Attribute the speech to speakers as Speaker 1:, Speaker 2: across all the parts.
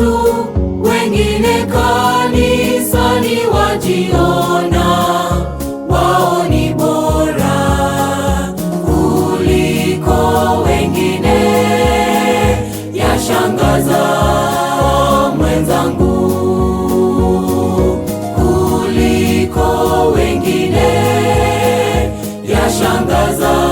Speaker 1: watu wengine kanisani wajiona wao ni bora kuliko wengine. Yashangaza mwenzangu kuliko wengine, yashangaza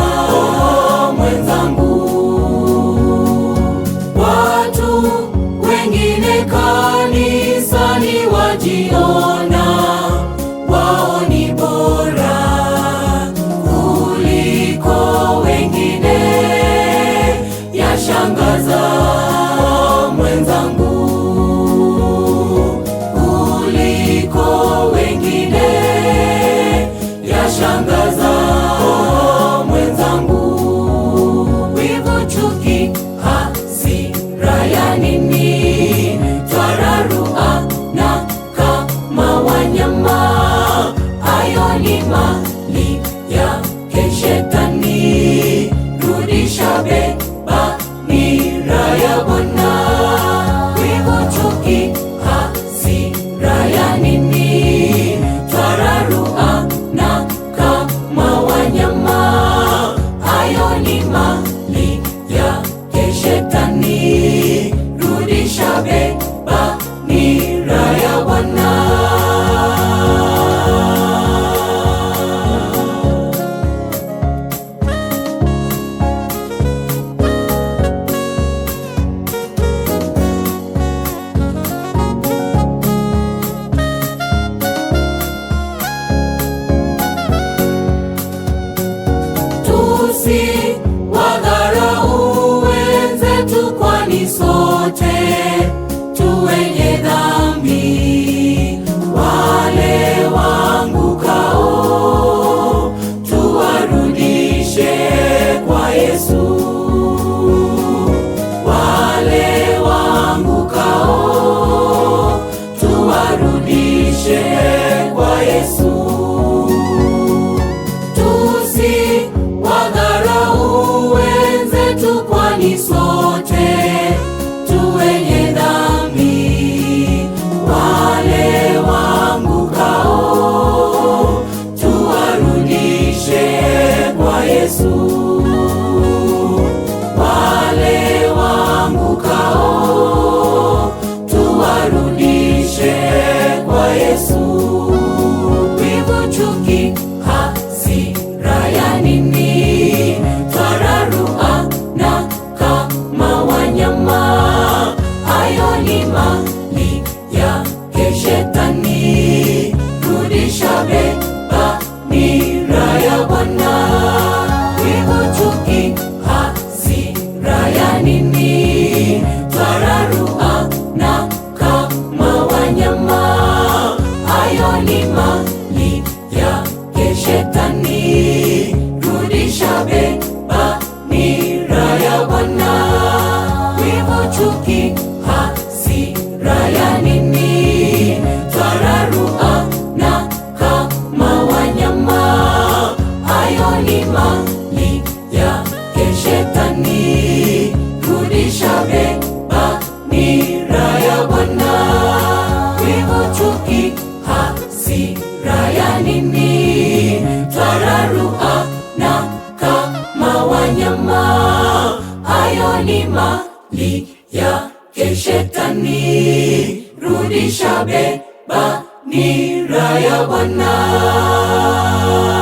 Speaker 1: kishetani, rudisha bebanira ya Bwana.